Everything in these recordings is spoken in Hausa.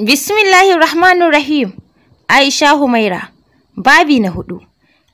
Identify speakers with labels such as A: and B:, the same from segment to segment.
A: Bismillahir Rahmanir Rahim. Aisha Humaira. Babi na hudu.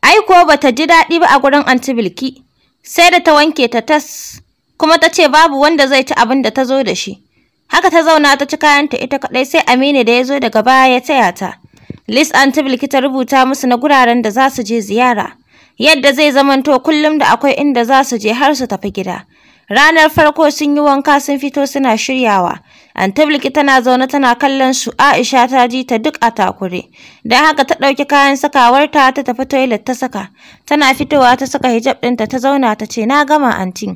A: Ai kuwa bata ji daɗi ba a gurin Anti Bilki. Sai da ta wanke ta tas kuma ta ce babu wanda zai ci abin da ta zo da shi. Haka ta zauna ta ci kayanta ita kadai, sai Aminu da ya zo daga baya ya taya ta. list Anti Bilki ta rubuta musu na guraren da za su je ziyara. Yadda zai zamanto kullum da akwai inda za su je har su tafi gida. Ranar farko sun yi wanka sun fito suna shiryawa. Antabiliki tana zaune tana kallon su Aisha ta ji ta duk a takure. Don haka ta ɗauki kayan sakawarta ta tafi toilet ta saka. Tana fitowa ta saka hijab ɗinta ta zauna ta ce na gama anti.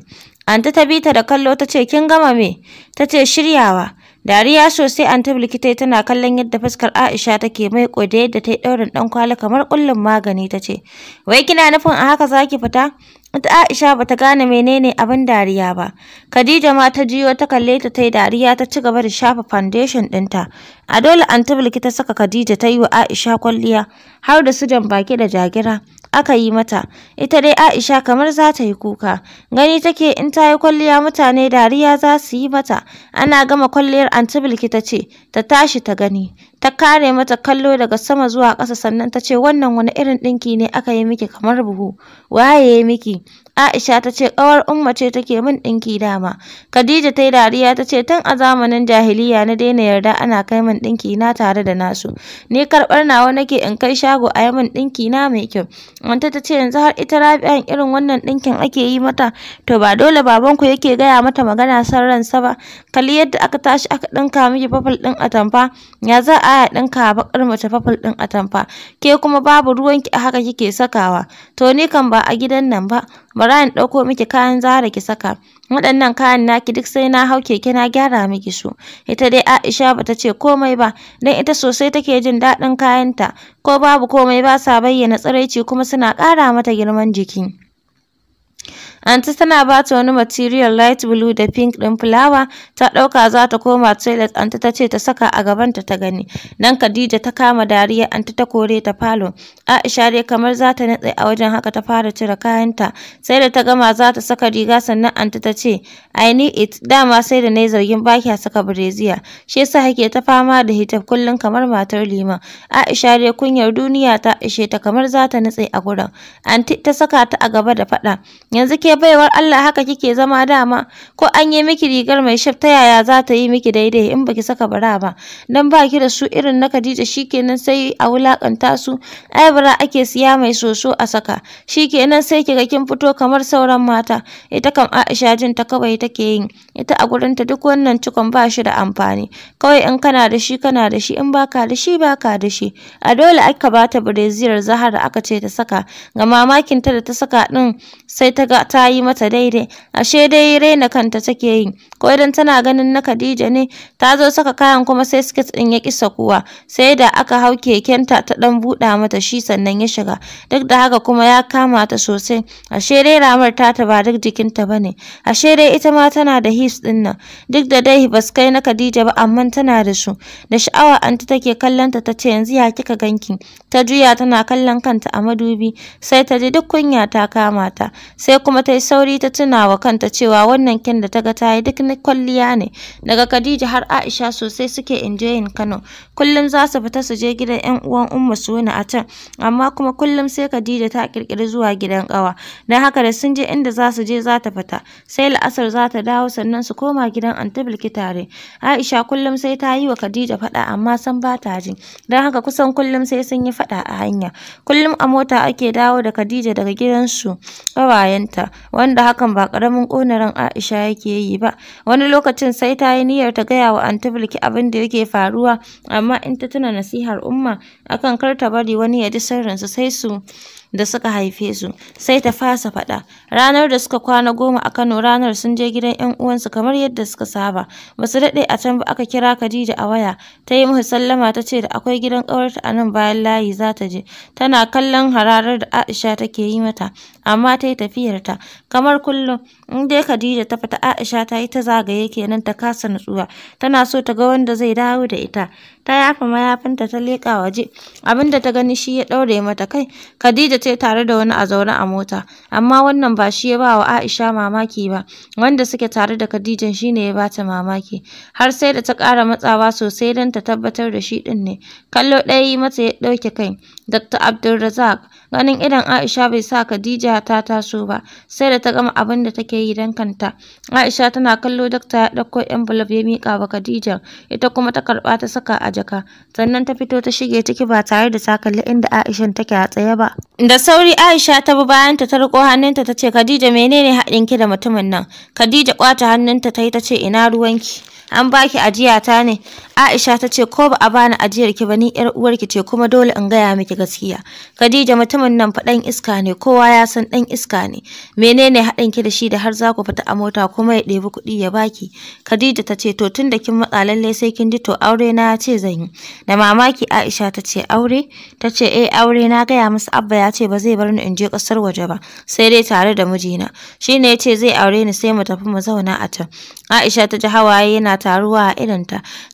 A: Anti ta bi ta da kallo ta ce kin gama me? Ta ce shiryawa. Dariya sosai Antabiliki ta tana kallon yadda fuskar Aisha take mai da yadda ta yi ɗaurin ɗan kwali kamar ƙullun magani ta ce, Wai kina nufin a haka zaki fita? Wata Aisha ba ta gane menene abin dariya ba. Khadija ma ta jiyo ta kalle ta ta yi dariya ta ci gaba da shafa foundation ɗinta. A dole an ki ta saka Khadija ta yi wa Aisha kwalliya har da su jan baki da jagira. Aka yi mata, ita dai Aisha kamar za ta yi kuka. Gani take in ta yi kwalliya mutane dariya za su yi mata. Ana gama kwalliyar ki ta ce, ta tashi ta gani. ta kare mata kallo daga sama zuwa ƙasa sannan ta ce wannan wani irin ɗinki ne aka yi miki kamar buhu waye ya miki Aisha ta ce ƙawar Umma ce take min ɗinki dama. Khadija ta yi dariya ta ce tun a zamanin jahiliya na daina yarda ana kai min ɗinki na tare da nasu. Ni karɓar nawa nake in kai shago a yi min ɗinki na mai kyau. Wanta ta ce yanzu har ita Rabi'an irin wannan ɗinkin ake yi mata to ba dole babanku yake gaya mata magana san ransa ba. Kali yadda aka tashi aka ɗinka miki fafal ɗin atamfa ya za a ɗinka baƙar mace fafal ɗin atamfa ke kuma babu ruwanki a haka kike sakawa to ni kan ba a gidan nan ba bari in ɗauko miki kayan zara ki saka. Waɗannan kayan naki duk sai na hau keke na gyara miki su. Ita dai Aisha bata ce komai ba, don ita sosai take jin daɗin kayanta. Ko babu komai ba sa bayyana tsiraici kuma suna ƙara mata girman jiki. Anti tana ba ta wani material light blue da pink ɗin fulawa. Ta ɗauka za ta koma toilet anti ta ce ta saka a gabanta ta gani. Nan Khadija ta kama dariya anti ta kore ta falo. Aisha dai kamar za ta natse a wajen haka ta fara cire kayanta. Sai da ta gama za ta saka riga sannan anti ta ce I need it dama sai da nayi zargin ba kya saka bireziya. Shi yasa kake ta fama da hijab kullum kamar matar liman. Aisha dai kunyar duniya ta ishe ta kamar za ta natse a gurin. Anti ta saka ta a gaba da faɗa. Yanzu ke ya baiwar Allah haka kike zama dama ko an yi miki rigar mai shaf ta yaya za ta yi miki daidai in baki saka bara ba dan ba ki da su irin na Khadija shikenan sai a wulakanta su ai bara ake siya mai soso a saka shikenan sai kiga kin fito kamar sauran mata ita kam Aisha jin ta kawai take yin ita a gurin ta duk wannan cikon ba shi da amfani kawai in kana da shi kana da shi in baka da shi baka da shi a dole aka bata breziyar Zahara aka ce ta saka ga mamakin ta da ta saka din sai ta ga ta yi mata daidai ashe dai raina kanta take yi ko idan tana ganin na Khadija ne ta zo saka kayan kuma sai skirt din ya kisa kuwa sai da aka hau kekenta ta dan buɗa mata shi sannan ya shiga duk da haka kuma ya kama ta sosai ashe dai ramar ta ta ba duk jikinta bane ashe dai ita ma tana da hips din nan duk da dai bas kai na Khadija ba amma tana da su da sha'awa anti take kallanta ta ce yanzu ya kika ganki ta juya tana kallon kanta a madubi sai ta ji duk kunya ta kama ta sai kuma ta yi sauri ta tuna wa kanta cewa wannan kyan da ta ga ta yi duk na kwalliya ne daga Khadija har Aisha sosai suke enjoying Kano kullum za su fita su je gidan ƴan uwan Umma suna a can amma kuma kullum sai Khadija ta kirkiri zuwa gidan ƙawa dan haka da sun je inda za su je za ta fita sai la'asar za ta dawo sannan su koma gidan Anti Bilki tare Aisha kullum sai ta yi wa Khadija faɗa amma san ba ta ji dan haka kusan kullum sai sun yi faɗa a hanya kullum a mota ake dawo da Khadija daga gidansu su ƙawayenta wanda hakan ba ƙaramin ƙona Aisha yake yi ba wani lokacin sai ta yi niyyar ta gaya wa Anti bulki abin da yake faruwa amma in ta tuna nasihar umma akan kar ta bari wani ya ji su sai su da suka haife su sai ta fasa faɗa ranar da suka kwana goma a Kano ranar sun je gidan ƴan uwansu kamar yadda suka saba basu daɗe a can ba aka kira Khadija a waya ta yi musu sallama ta ce da akwai gidan ƙawarta a nan bayan layi za ta je tana kallon hararar da Aisha take yi mata amma ta yi tafiyarta kamar kullum In dai Khadija ta fita Aisha ta yi ta zagaye kenan ta kasa nutsuwa. Tana so ta ga wanda zai dawo da ita. Ta yafa mayafinta ta leƙa waje. abinda ta gani shi ya ɗaure mata kai. Khadija ce tare da wani a zaune a mota. Amma wannan ba shi ya ba wa Aisha mamaki ba. Wanda suke tare da khadija shine ya bata mamaki. Har sai da ta ƙara matsawa sosai don ta tabbatar da shi ɗin ne. Kallo ɗaya yi mata ya ɗauke kai. Dr. Abdulrazak ganin idan Aisha bai sa Khadija ta taso ba sai da ta gama abin da take yi don kanta. Aisha tana kallo dakta ya ɗauko envelope ya miƙa wa Khadija ita kuma ta karɓa ta saka a jaka sannan ta fito ta shige ciki ba tare da ta kalli inda aisha take a tsaye ba. Da sauri Aisha ta bi bayanta ta riko hannunta ta ce Khadija menene haɗin ki da mutumin nan? Khadija kwata hannunta ta yi ta ce ina ruwanki? an baki ajiya ta ne Aisha ta ce ko ba a bani ajiyar ki ba ni yar uwarki ce kuma dole in gaya miki gaskiya Khadija mutumin nan fa dan iska ne kowa ya san dan iska ne menene haɗin ki da shi da har za ku fita a mota kuma ya ɗebi kuɗi ya baki Khadija ta ce to tun da kin matsa lalle sai kin ji to aure na ya ce zan yi da mamaki Aisha ta ce aure ta ce eh aure na gaya musu abba ya ce ba zai bar ni in je kasar waje ba sai dai tare da mijina shine ya ce zai aure ni sai mu tafi mu zauna a can Aisha ta ji hawaye yana na taruwa a irin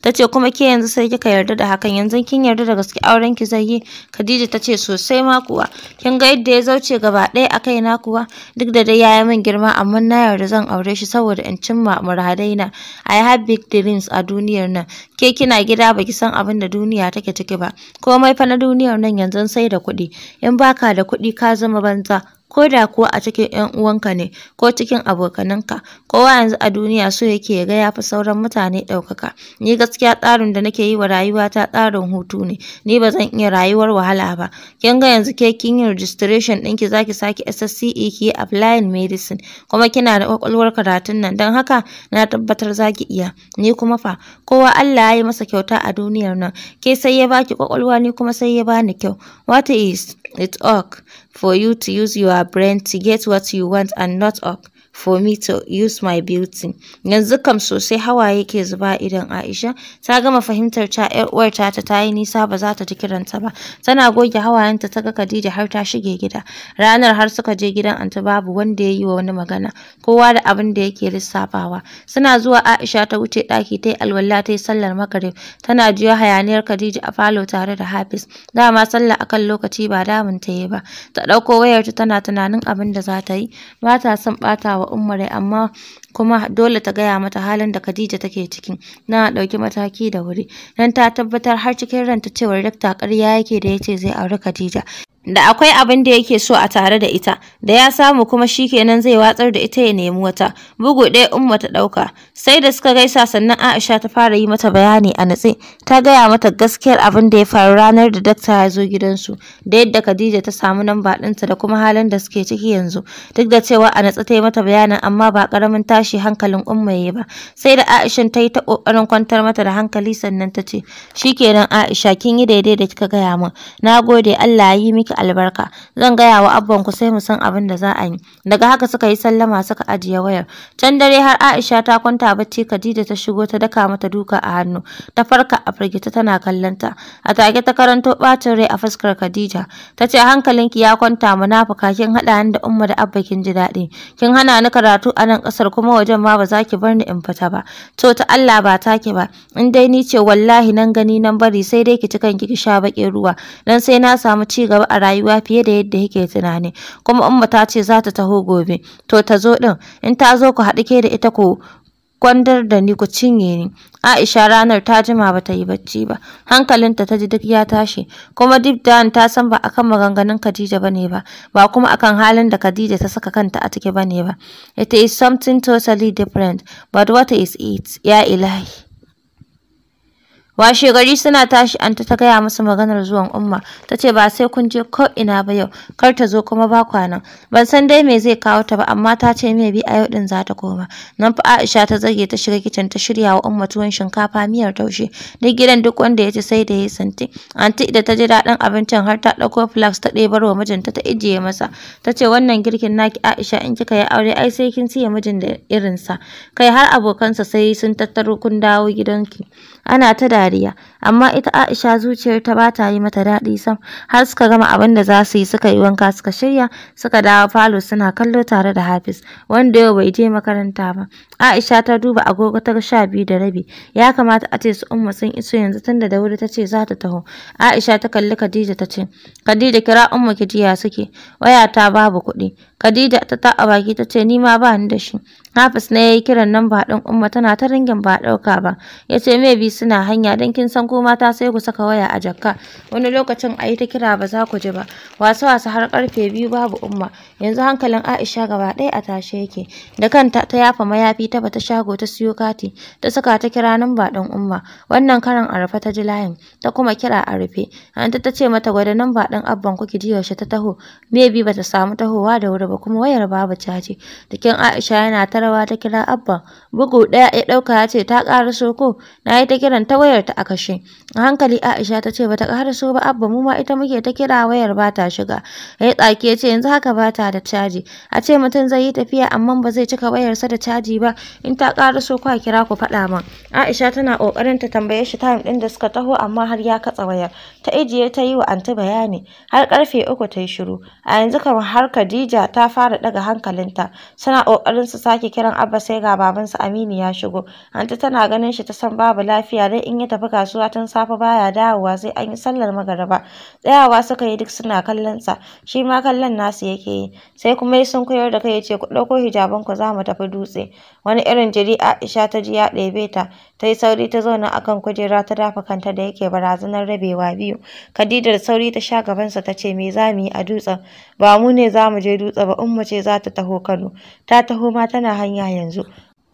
A: Ta ce kuma ke yanzu sai kika yarda da hakan yanzu kin yarda da gaske auren ki zai yi. Khadija ta ce sosai ma kuwa. Kin ga yadda ya zauce gaba ɗaya a kaina kuwa duk da dai yayi min girma amma na yarda zan aure shi saboda in cimma muradaina. I have big dreams a duniyar nan. Ke kina gida baki san abin da duniya take ciki ba. Komai fa na duniyar nan yanzu sai da kuɗi. In baka da kuɗi ka zama banza. ko da kuwa a cikin ‘yan uwanka ne ko cikin abokananka. Kowa yanzu a duniya so yake ya ga ya fi sauran mutane ɗaukaka. Ni gaskiya tsarin da nake yi wa rayuwata tsarin hutu ne, ni ba zan iya rayuwar wahala ba. Kin ga yanzu ke kin yi registration ɗinki za ki sake SSCE ki yi applying medicine kuma kina da ƙwaƙwalwar karatun nan don haka na tabbatar za ki iya. Ni kuma fa kowa Allah ya yi masa kyauta a duniyar nan, ke sai ya baki ƙwaƙwalwa ni kuma sai ya bani kyau. What is It's ok for you to use your brain to get what you want and not up. for me to use my beauty. Yanzu kam sosai hawaye ke zuba idan Aisha ta gama fahimtar ta ‘yar uwar ta ta yi nisa ba za ta ji kiranta ba. Tana goge hawayenta ta ga Khadija har ta shige gida. Ranar har suka je gidan Anta babu wanda ya yi wa wani magana. Kowa da abin da yake lissafawa. Suna zuwa Aisha ta wuce ɗaki ta yi alwala ta sallar makarib. Tana jiyo hayaniyar Khadija a falo tare da Hafiz. Dama sallah akan lokaci ba damun ta yi ba. Ta ɗauko wayarta tana tunanin abin da za ta yi. Ba ta son ɓata wa umare amma kuma dole ta gaya mata halin da Khadija take ciki na ɗauki mataki da wuri Nan ta tabbatar har cikin ranta cewa Dakta ƙarya yake da yace zai auri Khadija da akwai abin da yake so a tare da ita da ya samu kuma shi kenan zai watsar da ita ya nemi wata bugu ɗaya umma ta ɗauka sai da suka gaisa sannan aisha ta fara yi mata bayani a natse ta gaya mata gaskiyar abin da ya faru ranar da dakta ya zo gidansu da yadda khadija ta samu namba ɗinta da kuma halin da suke ciki yanzu duk da cewa a natse ta yi mata bayanin amma ba karamin tashi hankalin umma ya ba sai da aishan ta yi ta ƙoƙarin kwantar mata da hankali sannan ta ce kenan aisha kin yi daidai da kika gaya min na gode allah ya yi miki miki albarka zan gaya wa abban ku sai mu san abin da za a yi daga haka suka yi sallama suka ajiye wayar can dare har Aisha ta kwanta bacci Khadija ta shigo ta daka mata duka a hannu ta farka a firgita tana kallon a take ta karanto bacin rai a fuskar Khadija ta ce hankalinki ya kwanta munafuka kin haɗa ni da umma da abba kin ji daɗi kin hana ni karatu a nan ƙasar kuma wajen ma ba za ki bar ni in fita ba to ta Allah ba take ba in dai ni ce wallahi nan gani nan bari sai dai ki ci kanki ki sha baƙin ruwa dan sai na samu ci gaba a rayuwa fiye da yadda yake tunani kuma umma ta ce za ta taho gobe to ta zo din in ta zo ku haɗu ke da ita ku kwandar da ni ku cinye ni Aisha ranar ta jima ba ta yi bacci ba hankalinta ta ji duk ya tashi kuma deep down ta san ba akan maganganun Khadija bane ba ba kuma akan halin da Khadija ta saka kanta a cike bane ba it is something totally different but what is it ya ilahi washe gari suna tashi anta ta gaya masa maganar zuwan umma ta ce ba sai kun je ko ina ba yau kar ta zo kuma ba kwanan ban san dai me zai kawo ta ba amma ta ce me bi a yau din za ta koma nan fa Aisha ta zage ta shiga kitchen ta shirya wa umma tuwon shinkafa miyar taushe duk gidan duk wanda ya ci sai da ya santi anti da ta ji daɗin abincin har ta ɗauko flax ta ɗebar wa mijinta ta ijiye masa ta ce wannan girkin naki Aisha in kika yi aure ai sai kin siya mijin da irinsa kai har abokansa sai sun tattaro kun dawo gidanki ana ta dariya dariya amma ita Aisha zuciyar ta ba ta yi mata daɗi sam har suka gama abin da za su yi suka yi wanka suka shirya suka dawo falo suna kallo tare da Hafiz wanda yau bai je makaranta ba Aisha ta duba agogo ta sha biyu da rabi ya kamata a ce su umma sun iso yanzu tunda da wuri ta ce za ta taho Aisha ta kalli Khadija ta ce Khadija kira umma ki jiya suke waya ta babu kuɗi Khadija ta ta a baki ta ce ni ma ba ni da shi Hafiz ne ya yi kiran ba ɗin Umma tana ta ringin ba ɗauka ba. Ya ce maybe suna hanya don kin san ko mata sai ku saka waya a jakka. Wani lokacin a yi ta kira ba za ku ji ba. Wasu wasu har karfe biyu babu Umma. Yanzu hankalin Aisha gaba ɗaya a tashe yake. Da kanta ta yafa mayafi ta bata shago ta siyo kati. Ta saka ta kira nan ba ɗin Umma. Wannan karan a rufe ta ji layin. Ta kuma kira a rufe. An ta ce mata gwada ba ɗin abban ku ki ji yaushe ta taho. Maybe bata samu tahowa da wuri ba kuma wayar babu caji. Jikin Aisha yana ta ta ta kira Abba, Bugu ɗaya ya ɗauka ya ce ta ƙara so ko? Na yi ta kiran ta wayarta a kashe. A hankali Aisha ta ce bata su ba abba mu ma ita muke ta kira wayar ba ta shiga. Ya yi tsaki ya ce yanzu haka ba ta da caji. A ce mutum zai yi tafiya amma ba zai cika wayarsa da caji ba in ta so kwa kira ku faɗa min. Aisha tana ƙoƙarin ta tambaye shi time ɗin da suka taho amma har ya katsa wayar. Ta ijiye ta yi wa anti bayani har karfe uku ta yi shiru. A yanzu kamar har Khadija ta fara ɗaga hankalinta. Suna ƙoƙarin su sake kiran abba sai ga babansa Aminu ya shigo. Anti tana ganin shi ta san babu lafiya dai in ya tafi kasuwa tun sa safe baya dawowa sai an yi sallar magariba tsayawa suka yi duk suna kallon sa shi ma kallon nasu yake yi sai kuma ya sun koyar da kai yace ku ɗauko hijaban ku za mu tafi dutse wani irin jiri Aisha ta ji ya ɗebe ta ta yi sauri ta zauna akan kujera ta dafa kanta da yake barazanar rabewa biyu Khadija da sauri ta sha gabansa ta ce me za mu yi a dutsen ba mu ne za mu je dutse ba umma ce za ta taho Kano ta taho ma tana hanya yanzu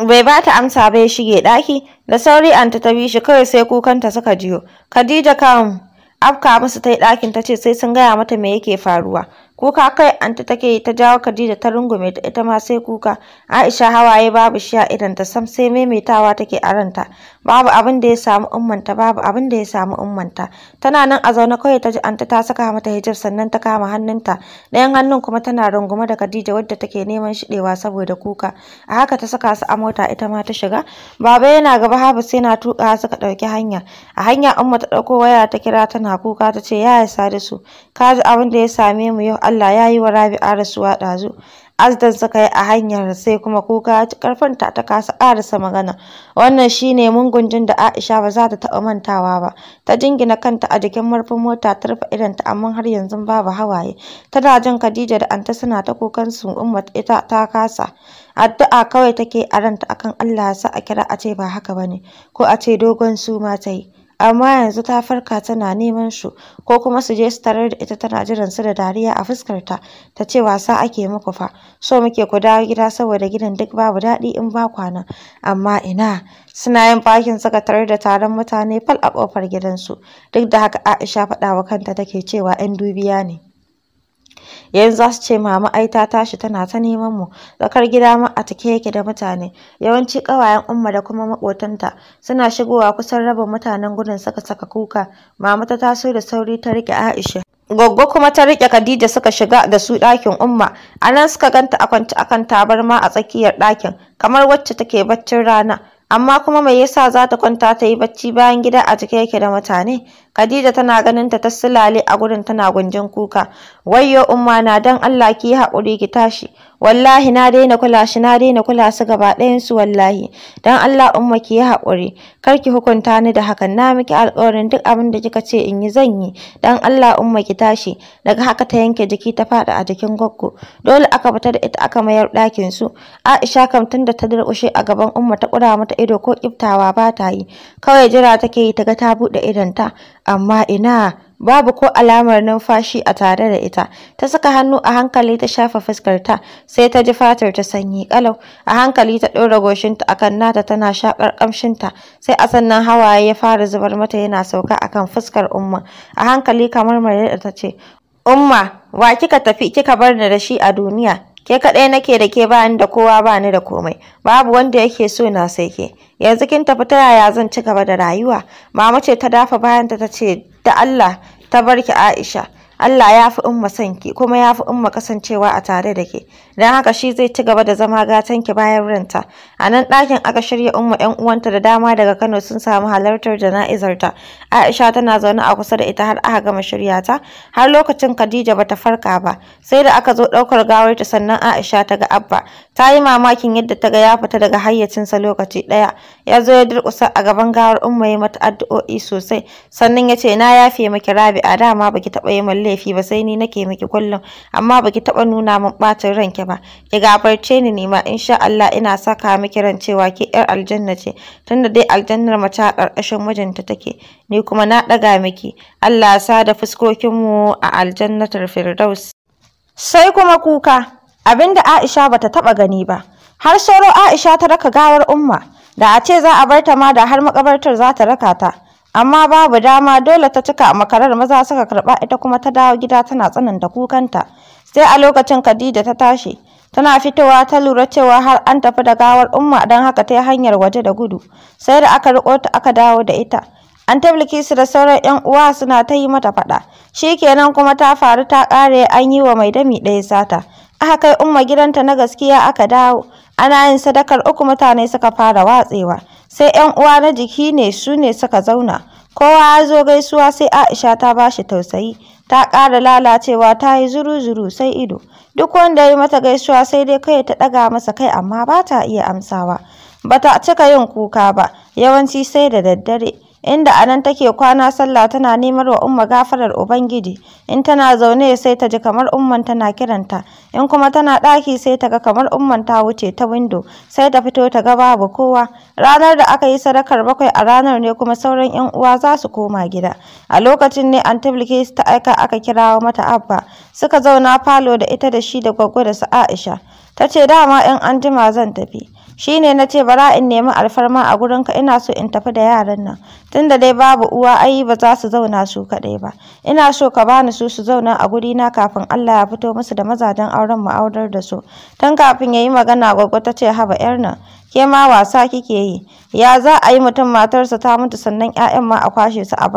A: bai ba ta amsa ba ya shige ɗaki da sauri an ta bi shi kawai sai kukan ta suka jiyo khadija kam afka musu ta yi ɗakin ta ce sai sun gaya mata me yake faruwa kuka kai anta take yi ta jawo Khadija ta rungume ta ita ma sai kuka Aisha hawaye babu shi a idan ta sam sai maimaitawa take a babu abin da ya samu ummanta babu abin da ya samu ummanta tana nan a zauna kawai ta ji anta ta saka mata hijab sannan ta kama hannunta dayan hannun kuma tana rungume da Khadija wadda take neman shiɗewa saboda kuka a haka ta saka su a mota ita ma ta shiga baba yana gaba habu sai na tuka suka ɗauki hanya a hanya umma ta ɗauko waya ta kira tana kuka ta ce yaya Sadisu kaji abin da ya same mu yau Allah ya yi wa Rabi'a rasuwa ɗazu azdan suka yi a hanyar sai kuma kuka ci karfanta ta kasa karasa magana wannan shine mungunjin da Aisha ba za ta taɓa mantawa ba ta jingina kanta a jikin murfin mota ta rufe idanta amma har yanzu babu hawaye tana jin Khadija da Anta suna ta kukan su umma ita ta kasa addu'a kawai take a akan Allah ya sa a kira a ce ba haka bane ko a ce dogon su ma ta yi amma yanzu ta farka tana neman su ko kuma su je su tarar da ita tana jiran su da dariya a fuskarta ta ce wasa ake muku fa so muke ku dawo gida saboda gidan duk babu daɗi in ba kwana amma ina suna yin bakin suka tarar da taron mutane fal a ƙofar gidansu duk da haka Aisha faɗawa kanta take cewa 'yan dubiya ne yanzu za su ce mama ai ta tashi tana ta neman mu tsakar gida ma a take yake da mutane yawanci ƙawayen umma da kuma maƙotanta suna shigowa kusan rabin mutanen gudun saka saka kuka mama ta taso da sauri ta rike Aisha Goggo kuma ta rike Khadija suka shiga da su ɗakin Umma. A nan suka ganta a kwance akan tabarma a tsakiyar ɗakin, kamar wacce take baccin rana. Amma kuma me yasa za ta kwanta ta yi bacci bayan gida a cike yake da mutane? Khadija tana ganin ta ta silale a gurin tana gunjin kuka. Wayyo umma na dan Allah ki haƙuri ki tashi. Wallahi na daina kula shi na daina kula su gaba ɗayan su wallahi. Dan Allah umma ki haƙuri. Kar ki hukunta ni da hakan. Na miki alƙawarin duk abin da kika ce in yi zan yi. Dan Allah umma ki tashi. Daga haka ta yanke jiki ta faɗi a jikin goggo. Dole aka fita da ita aka mayar ɗakin su. Aisha kam tun da ta durƙushe a gaban umma ta ƙura mata ido ko kiftawa ba ta yi. Kawai jira take yi ta ga ta buɗe ta. amma ina babu ko alamar numfashi a tare da ita ta saka hannu a hankali ta shafa fuskarta sai ta ji fatar ta sanyi kalau a hankali ta ɗora goshinta akan nata tana shakar kamshinta sai a sannan hawaye ya fara zubar mata yana sauka akan fuskar umma a hankali kamar mai ta ce umma wa kika tafi kika bar ni da shi a duniya ke kaɗai nake da ke ba da kowa ba ni da komai babu wanda yake so na sai ke yanzu kin tafi ta yaya zan ci gaba da rayuwa mama ce ta dafa bayan ta ce da Allah ta barki Aisha Allah ya fi umma son ki kuma ya fi umma kasancewa a tare da ke dan haka shi zai ci gaba da zama gatan ki bayan ranta a nan ɗakin aka shirya umma ƴan uwanta da dama daga Kano sun samu halartar jana'izar ta Aisha tana zaune a kusa da ita har aka gama shirya ta har lokacin Khadija bata farka ba sai da aka zo ɗaukar gawar ta sannan Aisha ta ga Abba ta yi mamakin yadda ta ga ya fita daga hayyacinsa lokaci ɗaya ya zo ya durƙusa a gaban gawar umma ya mata addu'o'i sosai sannan ya ce na yafe maki Rabi'a dama baki taɓa yi laifi ba sai ni nake miki kullum amma baki taba nuna min bacin ranki ba ki gafarce ni ne ma insha Allah ina saka miki ran cewa ki yar aljanna ce tunda dai aljannar mace a karkashin mijinta take ni kuma na daga miki Allah sa da fuskokin mu a aljannatar firdaus sai kuma kuka abinda Aisha bata taba gani ba har sauro Aisha ta raka gawar umma da a ce za a bar ta ma da har makabartar za ta raka ta amma babu dama dole ta cika makarar maza suka karba ita kuma ta dawo gida tana tsananta kukanta sai a lokacin Khadija ta tashi tana fitowa ta lura cewa har an tafi da gawar umma dan haka ta yi hanyar waje da gudu sai da aka riko ta aka dawo da ita an tabliki su da sauran yan uwa suna ta yi mata faɗa Shikenan kuma ta faru ta kare an yi wa mai dami ɗaya sata aka kai umma gidanta na gaskiya aka dawo ana yin sadakar uku mutane suka fara watsewa sai ‘yan uwa na jiki ne su ne suka zauna kowa ya zo gaisuwa sai Aisha ta ba shi tausayi ta ƙara lalacewa ta yi zuru-zuru sai ido duk wanda ya yi mata gaisuwa sai dai kai ta ɗaga masa kai amma ba ta iya amsawa ba ta cika yin kuka ba yawanci sai da daddare inda a nan take kwana sallah tana nemar wa Umma gafarar Ubangiji. In tana zaune sai ta ji kamar Umman tana kiranta, in kuma tana ɗaki sai ta ga kamar Umman ta wuce ta windo, sai ta fito ta ga babu kowa. Ranar da aka yi sadakar bakwai a ranar ne kuma sauran 'yan uwa za su koma gida. A lokacin ne Aunty ta aika aka kirawo mata Abba, suka zauna falo da ita da shi da gwaggo da su Aisha. Ta ce dama 'yan anjima zan tafi. Shi ne na ce bara in nemi alfarma a gurinka ina so in tafi da yaran nan. Tunda dai babu uwa ai ba za su zauna su kaɗai ba. Ina so ka bani su su zauna a guri na kafin Allah ya fito musu da mazajen auren mu aurar da su. Tun kafin ya magana gwaggo ta ce haba 'yar nan. ke ma wasa kike yi ya za a yi mutum matarsa ta mutu sannan 'ya'yan ma a kwashe su a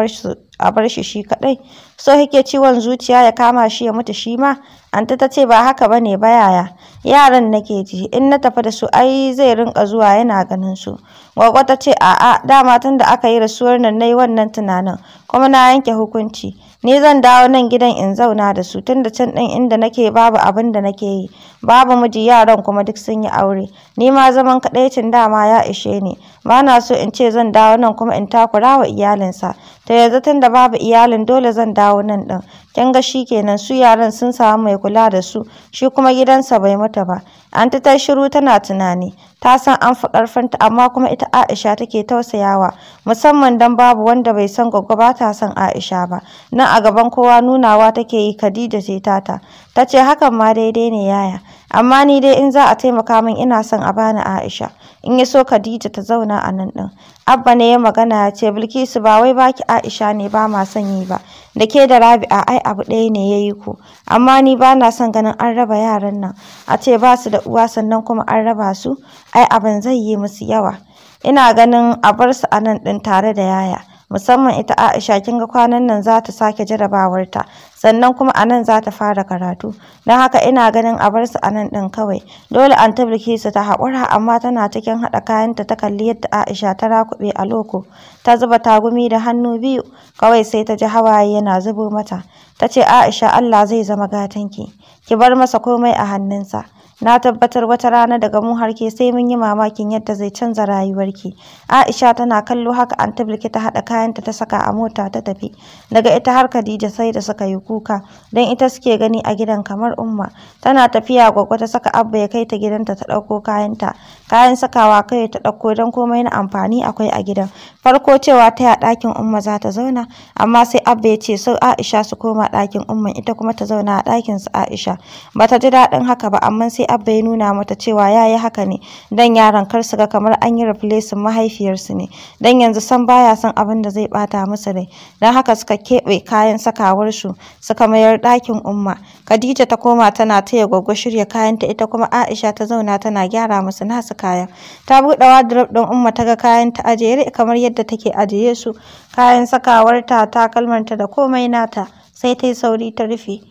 A: bar shi shi kadai so kike ciwon zuciya ya kama shi ya mutu shi ma anta ta ce ba haka bane ba yaya yaran nake ji in na tafi da su ai zai rinka zuwa yana ganin su gwaggo ta ce a'a dama tun da aka yi rasuwar nan na yi wannan tunanin kuma na yanke hukunci ni zan dawo nan gidan in zauna da su tunda can ɗin inda nake babu abin da nake yi babu miji yaran kuma duk sun yi aure ni ma zaman kaɗaicin dama ya ishe ni ba na so in ce zan dawo nan kuma in takura wa iyalinsa ta yanzu tunda babu iyalin dole zan dawo nan ɗin kin ga shi kenan su yaran sun samu mai kula da su shi kuma gidansa bai mutu ba an ta shiru tana tunani ta san an fi ƙarfinta amma kuma ita Aisha take tausayawa musamman dan babu wanda bai san Goggo ba ta son Aisha ba nan a gaban kowa nunawa take yi Khadija ce tata ta ce hakan ma daidai ne yaya amma ni dai in za a taimaka min ina son a bani Aisha in yi so Khadija ta zauna a nan din Abba ne ya magana ya ce Bilkisu ba wai baki Aisha ne ba ma son yi ba da ke da Rabi'a ai abu ɗaya ne ya yi ku amma ni ba na son ganin an raba yaran nan a ce ba su da uwa sannan kuma an raba su ai abin zai yi musu yawa ina ganin a bar su a nan din tare da yaya musamman ita Aisha kin ga kwanan nan za ta sake jarabawarta sannan kuma a nan za ta fara karatu don haka ina ganin a bar su a nan ɗin kawai dole an ta su ta haƙura amma tana cikin haɗa kayanta ta kalli yadda Aisha ta rakuɓe a loko ta zuba tagumi da hannu biyu kawai sai ta ji hawaye yana zubo mata ta ce Aisha Allah zai zama gatanki ki bar masa komai a hannunsa Na tabbatar wata rana daga mu harke sai mun yi mamakin yadda zai canza rayuwarki. Aisha tana kallo haka an Bilki ta haɗa kayanta ta saka a mota ta tafi. Daga ita har Khadija sai da suka yi kuka don ita suke gani a gidan kamar umma. Tana tafiya gwaggo ta saka Abba ya kai ta gidanta ta ɗauko kayanta. Kayan sakawa kai ta ɗauko don komai na amfani akwai a gidan. Farko cewa ta ya ɗakin umma za ta zauna amma sai Abba ya ce sau Aisha su koma ɗakin umma ita kuma ta zauna a ɗakin su Aisha. Bata ji daɗin haka ba amma sai Abba ya nuna mata cewa ya yi haka ne dan yaran kar su ga kamar an yi mahaifiyarsu ne dan yanzu san baya son abin da zai bata musu rai dan haka suka keɓe kayan sakawarsu suka mayar dakin umma Khadija ta koma tana taya gwaggo shirya ta ita kuma Aisha ta zauna tana gyara musu nasu kayan ta buɗe wardrobe ɗin umma ta ga kayan ta ajere kamar yadda take ajiye su kayan sakawar ta kalmanta da komai nata sai ta yi sauri ta rufe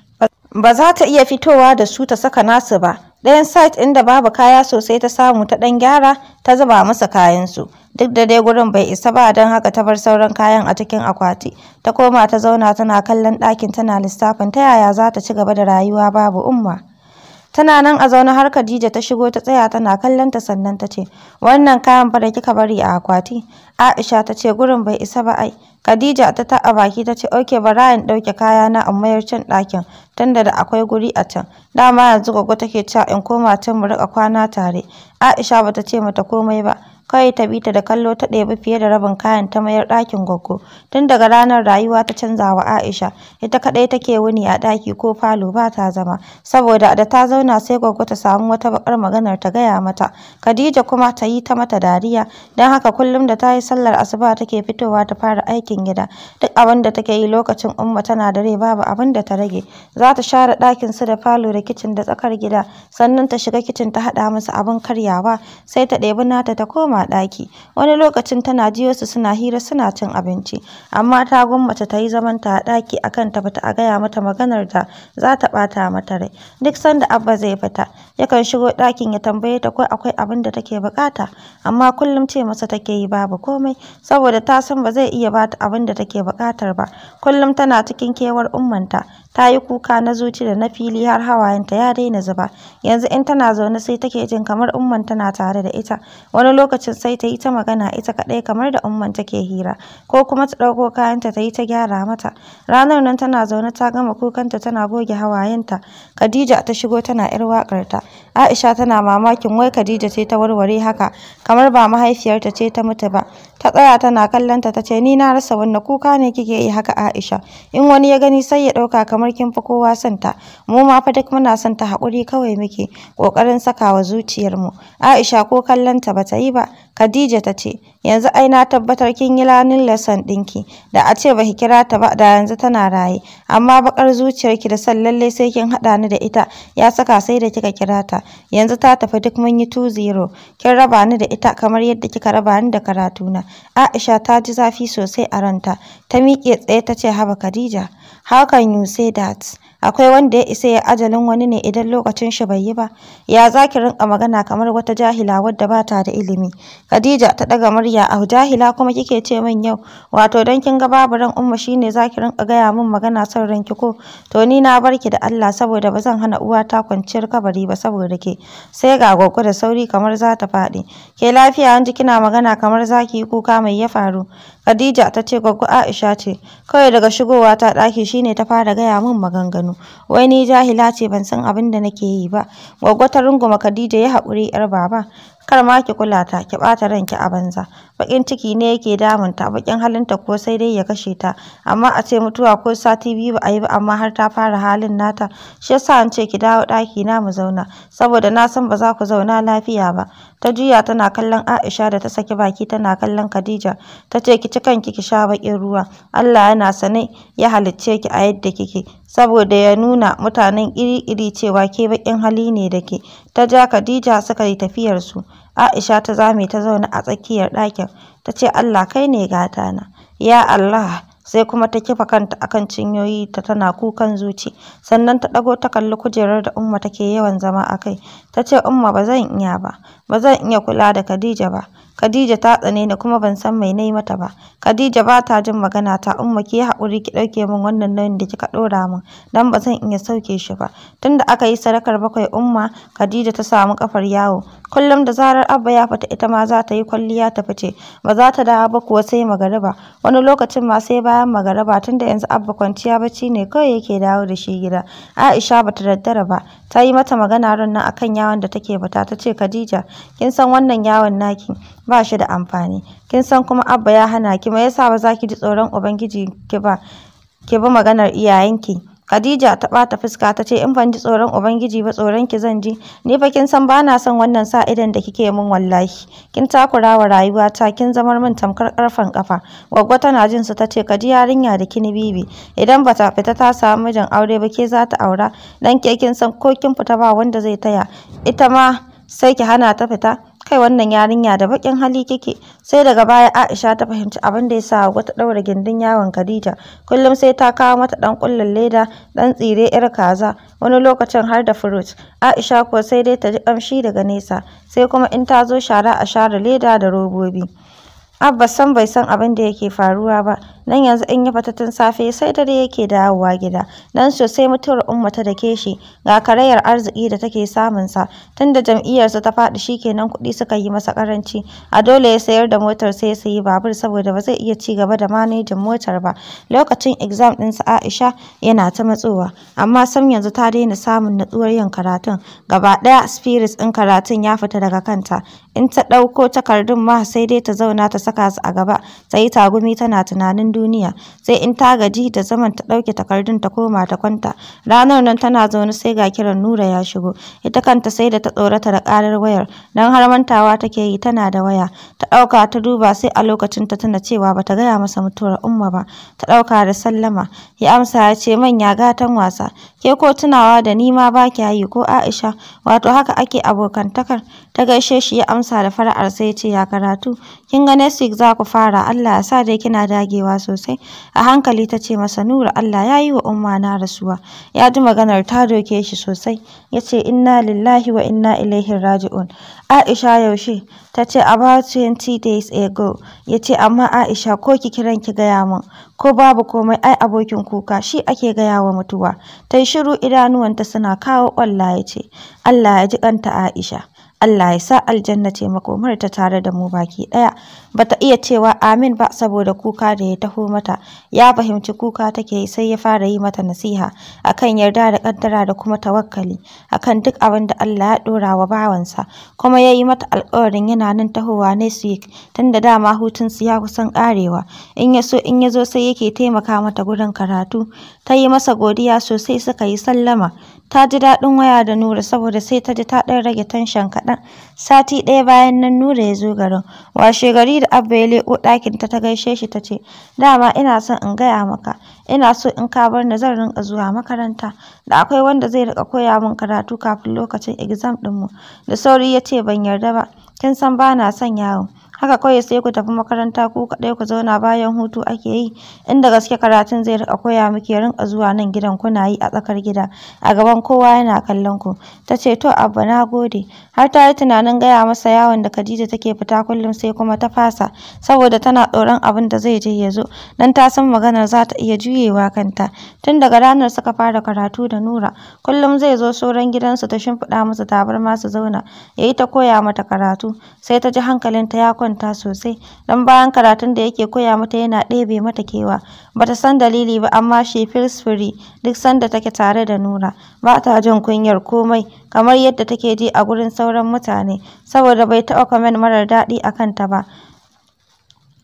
A: ba za ta iya fitowa da su ta saka nasu ba ɗayan site inda babu kaya sosai ta samu ta ɗan gyara ta zuba masa kayansu duk da dai gurin bai isa ba don haka ta bar sauran kayan a cikin akwati ta koma ta zauna tana kallon ɗakin tana lissafin ta yaya za ta ci gaba da rayuwa babu umma Tana nan a zaune har Khadija ta shigo ta tsaya tana kallon ta sannan ta ce, "Wannan kayan fa da kika bari a akwati?" Aisha ta ce, "Gurin bai isa ba ai." Khadija ta a baki ta ce, "Oke barayin dauke kaya na amma mayar can ɗakin tunda da akwai guri a can." Dama yanzu gogo take cewa in koma can mu rika kwana tare. Aisha bata ce mata komai ba. Kawai ta bi ta da kallo ta ɗebi fiye da rabin kayan ta mayar ɗakin Goggo. Tun daga ranar rayuwa ta canza wa Aisha. Ita kaɗai take wuni a ɗaki ko falo ba ta zama. Saboda da ta zauna sai Goggo ta samu wata baƙar maganar ta gaya mata. Khadija kuma ta yi ta mata dariya. Don haka kullum da ta yi sallar asuba take fitowa ta fara aikin gida. Duk abin da take yi lokacin Umma tana da rai babu abin da ta rage. Za ta share ɗakin su da falo da kicin da tsakar gida. Sannan ta shiga kicin ta haɗa musu abin karyawa. Sai ta ɗebi nata ta koma a ɗaki. Wani lokacin tana jiyo su suna hira suna cin abinci, amma ta gwammace ta yi zaman ta a ɗaki kan ta fita a gaya mata maganar da za ta ɓata mata rai. Duk sanda Abba zai fita, yakan shigo ɗakin ya tambaye ta ko akwai abin da take buƙata, amma kullum ce masa take yi babu komai, saboda ta san ba zai iya bata abin da take buƙatar ba. Kullum tana cikin kewar ummanta, ta yi kuka na zuci da na fili har hawayenta ya daina zuba. Yanzu in tana zaune sai take jin kamar umman tana tare da ita. Wani lokacin lokacin sai ta yi ta magana ita kaɗai kamar da umman take hira ko kuma ta ɗauko kayanta ta yi ta gyara mata ranar nan tana zaune ta gama kukanta tana goge hawayenta khadija ta shigo tana 'yar waƙarta Aisha tana mamakin wai Khadija ce ta warware haka kamar ba mahaifiyarta ce ta mutu ba. Ta tsaya tana kallonta ta ce ni na rasa wannan kuka ne kike yi haka Aisha. In wani ya gani sai ya ɗauka kamar kin fi kowa son Mu ma fa duk muna son ta haƙuri kawai muke ƙoƙarin sakawa mu Aisha ko kallonta ba ta yi ba. Khadija ta ce yanzu ai na tabbatar kin yi lanin lesson ɗinki da a ce baki kira ta ba da yanzu tana raye amma bakar zuciyarki da san lalle sai kin haɗa ni da ita ya saka sai da kika kira ta yanzu ta tafi duk mun yi 2-0 kin raba ni da ita kamar yadda kika raba ni da karatuna Aisha ta ji zafi sosai a ranta ta miƙe tsaye ta ce haba Khadija how can you say that akwai wanda ya isa ya ajalin wani ne idan lokacin shi bai yi ba ya zaki rinka magana kamar wata jahila wadda ba ta da ilimi khadija ta daga murya a jahila kuma kike ce min yau wato don kin ga babu ran umma shine za ki rinka gaya min magana son ranki ko to ni na bar ki da Allah saboda ba zan hana ta kwanciyar kabari ba saboda ke sai ga gogo da sauri kamar za ta faɗi ke lafiya an ji kina magana kamar zaki yi kuka mai ya faru Khadija ta ce gwaggo Aisha ce, kawai daga shigowa ta ɗaki shine ta fara gaya min maganganu. Wai ni jahila ce ban san abin da nake yi ba. Gwaggo ta runguma Khadija ya haƙuri ‘yar baba. kar ma ki kula ta ki bata ranki a banza Bakin ciki ne yake damun ta, halin halinta ko sai dai ya kashe ta amma a ce mutuwa ko sati biyu ba a yi ba amma har ta fara halin nata shi yasa an ce ki dawo ɗaki na mu zauna saboda na san ba za ku zauna lafiya ba ta juya tana kallon Aisha da ta saki baki tana kallon Khadija ta ce ki ci kanki ki sha bakin ruwa Allah yana sane ya halicce ki a yadda kike saboda ya nuna mutanen iri-iri cewa ke baƙin hali ne da ke. Ta ja Khadija suka yi tafiyarsu. Aisha ta zame ta zauna a tsakiyar ɗakin. Ta ce Allah kai ne gata na Ya Allah sai kuma ta kifa kanta akan cinyoyi ta tana kukan zuci sannan ta ɗago ta kalli kujerar da umma take yawan zama a kai Ta ce Umma ba zan iya ba, ba zan iya kula da Khadija ba. Khadija ta tsane ni kuma ban san mai nayi mata ba. Khadija ba ta jin magana ta Umma ki haƙuri ki ɗauke min wannan nauyin da kika ɗora min dan ba zan iya sauke shi ba. Tunda aka yi sadakar bakwai Umma Khadija ta samu kafar yawo. Kullum da zarar Abba ya fita ita ma za ta yi kwalliya ta fice. Ba za ta dawo ba kuwa sai magaraba. Wani lokacin ma sai bayan magaraba, tunda yanzu Abba kwanciya bacci ne kawai yake dawo da shi gida. Aisha ba ta daddara ba. Ta yi mata magana ran nan akan yawo yawon da take fita ta ce Khadija kin san wannan yawon naki ba shi da amfani kin san kuma Abba ya hana ki ma yasa ba za ki ji tsoron Ubangiji ki ba ki bi maganar iyayenki Khadija ta ɓata fuska ta ce in ban ji tsoron Ubangiji ba tsoron ki zan ji. Ni fa kin san bana son wannan sa idan da kike min wallahi. Kin takura wa rayuwata kin zamar min tamkar karfan kafa. Goggo tana jin su ta ce ka ji yarinya da kini bibi. Idan bata fita ta samu mijin aure ba ke za ta aura. Dan ke kin san ko kin fita ba wanda zai taya. Ita ma sai ki hana ta fita kai wannan yarinya da bakin hali kike sai daga baya Aisha ta fahimci abin da yasa Hauwa ta daura gindin yawon Khadija kullum sai ta kawo mata dan kullun leda dan tsire yar kaza wani lokacin har da fruit Aisha ko sai dai ta ji kamshi daga nesa sai kuma in ta zo shara a share leda da robobi Abba san bai san abin da yake faruwa ba Nan yanzu in yi fita tun safe sai dare yake dawowa gida Nan sosai mutuwar umma ta dake shi ga karayar arziki da take samunsa tun da jam'iyyarsa ta faɗi shikenan kuɗi suka yi masa karanci a dole ya sayar da motar sai ya yi babur saboda ba zai iya ci gaba da manejin motar ba lokacin exam sa Aisha yana ta matsowa amma sam yanzu ta daina samun natsuwar yin karatun gaba ɗaya spirit ɗin karatun ya fita daga kanta in ta ɗauko takardun ma sai dai ta zauna ta saka su a gaba ta yi tagumi tana tunanin duniya, sai in ta gaji da zaman ta ɗauke takardun ta koma ta kwanta. Ranar nan tana zaune sai ga kiran Nura ya shigo, ita kanta sai da ta tsorata da ƙarar wayar, don har mantawa take yi tana da waya. Ta ɗauka ta duba sai a lokacin ta tuna cewa bata gaya masa mutuwar Umma ba, ta ɗauka da sallama, ya amsa ya ce manya gatan wasa, ke ko tunawa da ni ma ba kya yi ko Aisha, wato haka ake abokantakar. ta gaishe shi ya amsa da fara'ar sai ya ce ya karatu kin ga next week za ku fara Allah ya sa dai kina dagewa sosai a hankali ta ce masa nura Allah ya yi wa umma na rasuwa ya ji maganar ta doke shi sosai ya ce inna lillahi wa inna ilaihi raji'un Aisha yaushe ta ce about 20 days ago ya ce amma Aisha ko ki kiran ki gaya min ko babu komai ai abokin kuka shi ake gaya wa mutuwa ta yi shiru idanuwanta suna kawo kwallaye ya ce Allah ya ji kanta Aisha Allah ya sa aljanna ce makomar ta tare da mu baki daya bata iya cewa amin ba saboda kuka da ya taho mata ya fahimci kuka take sai ya fara yi mata nasiha akan yarda da kaddara da kuma tawakkali akan duk abin da Allah ya dora wa bawansa kuma yayi mata alƙawarin yana nan tahowa ne su tunda dama hutun su ya kusan karewa in ya so in ya zo sai yake taimaka mata gurin karatu ta yi masa godiya sosai suka yi sallama ta ji daɗin waya da Nura saboda sai ta ji ta ɗan rage tension kaɗan kaɗan sati ɗaya bayan nan nura ya zo garin washe gari da abba ya leƙo ɗakin ta ta gaishe shi ta ce dama ina son in gaya maka ina so in ka bar ni zan rinƙa zuwa makaranta da akwai wanda zai riƙa koya min karatu kafin lokacin exam ɗinmu da sauri ya ce ban yarda ba kin san ba na son yawon. haka kawai sai ku tafi makaranta ku kaɗai ku zauna bayan hutu ake yi inda gaske karatun zai rika koya miki ya rinka zuwa nan gidan kuna yi a tsakar gida a gaban kowa yana kallon ku ta ce to abba na gode har ta yi tunanin gaya masa yawon da Khadija take fita kullum sai kuma ta fasa saboda tana tsoron abin da zai je ya zo dan ta san maganar za ta iya juyewa kanta tun daga ranar suka fara karatu da Nura kullum zai zo sauran gidansu ta shimfiɗa musu tabarma su zauna yayi ta koya mata karatu sai ta ji hankalinta ya kwanta kwanta sosai don bayan karatun da yake koya mata yana ɗebe mata kewa bata san dalili ba amma she feels free duk sanda take tare da Nura ba ta jin kunyar komai kamar yadda take ji a gurin sauran mutane saboda bai taɓa kwamen marar daɗi a kanta ba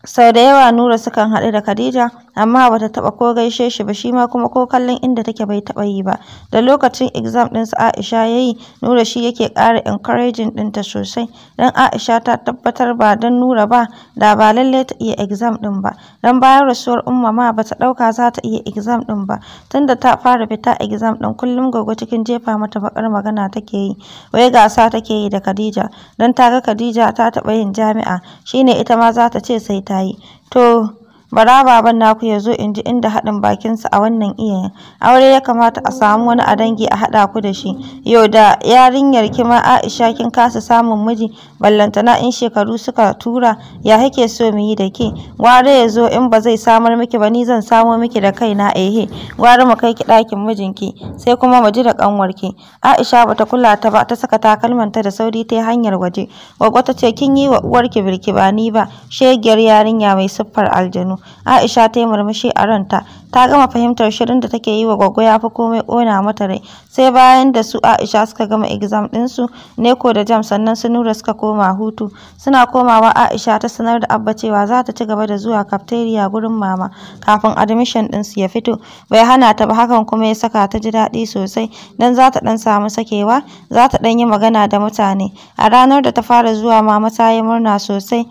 A: sau da yawa Nura sukan haɗu da Khadija amma bata taba ko gaishe shi ba shi ma kuma ko kallon inda take bai taba yi ba da lokacin exam ɗin sa Aisha yayi Nura shi yake ƙara encouraging ɗinta sosai dan Aisha ta tabbatar ba dan Nura ba da ba lalle ta iya exam ɗin ba dan bayan rasuwar Umma ma bata ɗauka za ta iya exam ɗin ba tunda ta fara fita exam ɗin kullum gogo cikin jefa mata bakar magana take yi wai gasa take yi da Khadija dan ta ga Khadija ta taba yin jami'a shine ita ma za ta ce sai ta yi to bara baban naku ya zo in ji inda haɗin bakinsa a wannan iyayen aure ya kamata a samu wani a dangi a haɗa ku da shi yau da yarinyar kima Aisha kin kasa samun miji ballantana in shekaru suka tura ya kake so mu yi da ke gware ya zo in ba zai samar miki ba ni zan samo miki da kaina ehe gware mu kai ki ɗakin mijinki sai kuma mu ji da ƙanwarki Aisha bata kula ta ba ta saka takalmanta da sauri ta hanyar waje gwaggwata ta ce kin yi wa uwarki birki ba ni ba shegiyar yarinya mai siffar aljanu Aisha ta yi murmushi a ranta, ta gama fahimtar shirin da take yi wa Gwaggo ya fi komai ƙona mata rai. Sai bayan da su Aisha suka gama exam ɗinsu, Neko da Jam sannan su Nura suka koma hutu. Suna komawa Aisha ta sanar da Abba cewa za ta ci gaba da zuwa cafeteria gurin mama kafin admission ɗinsu ya fito. Bai hana ta ba hakan kuma ya saka ta ji daɗi sosai don za ta ɗan samu sakewa, za ta ɗan yi magana da mutane. A ranar da ta fara zuwa mama ta yi murna sosai.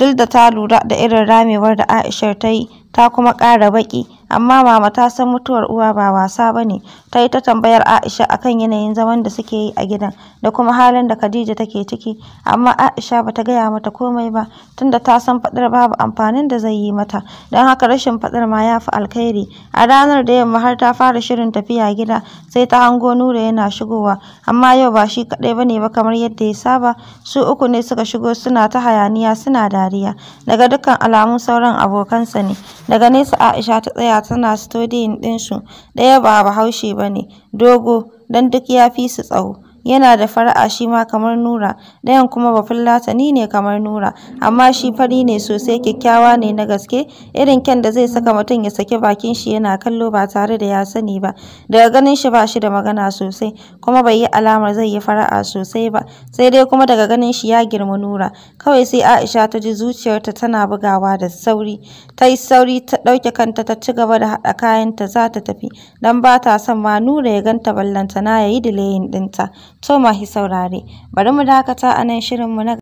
A: Duk da ta lura da irin ramewar da Aisha ta yi ta kuma ƙara baƙi amma mama ta san mutuwar uwa ba wasa ba ne ta yi ta tambayar aisha akan yanayin zaman da suke yi a gidan da kuma halin da khadija take ciki amma aisha ba ta gaya mata komai ba tunda ta san fadar babu amfanin da zai yi mata don haka rashin fadar ma ya fi alkhairi a ranar da yamma har ta fara shirin tafiya gida sai ta hango nura yana shigowa amma yau ba shi kadai ba ne ba kamar yadda ya saba su uku ne suka shigo suna ta hayaniya suna dariya daga dukkan alamun sauran abokansa ne daga nesa aisha ta tsaya suna studying ɗinsu, ɗaya ba Bahaushe ba ne, dogo, don duk ya fi su tsawo. yana da fara'a shi ma kamar Nura, ɗayan kuma Bafulatani ne kamar Nura, amma shi fari ne sosai kyakkyawa ne na gaske, irin kyan da zai saka mutum ya saki bakin shi yana kallo ba tare da ya sani ba, daga ganin shi ba shi da magana sosai, kuma bai yi alamar zai yi fara'a sosai ba, sai dai kuma daga ganin shi ya girma Nura, kawai sai Aisha ta ji zuciyarta tana bugawa da sauri, ta yi sauri ta ɗauke kanta ta ci gaba da haɗa kayanta za ta tafi, don ba ta son ma Nura ya ganta ballantana ya yi dileyin ɗinta. To masu saurare, bari mu dakata a nan shirinmu na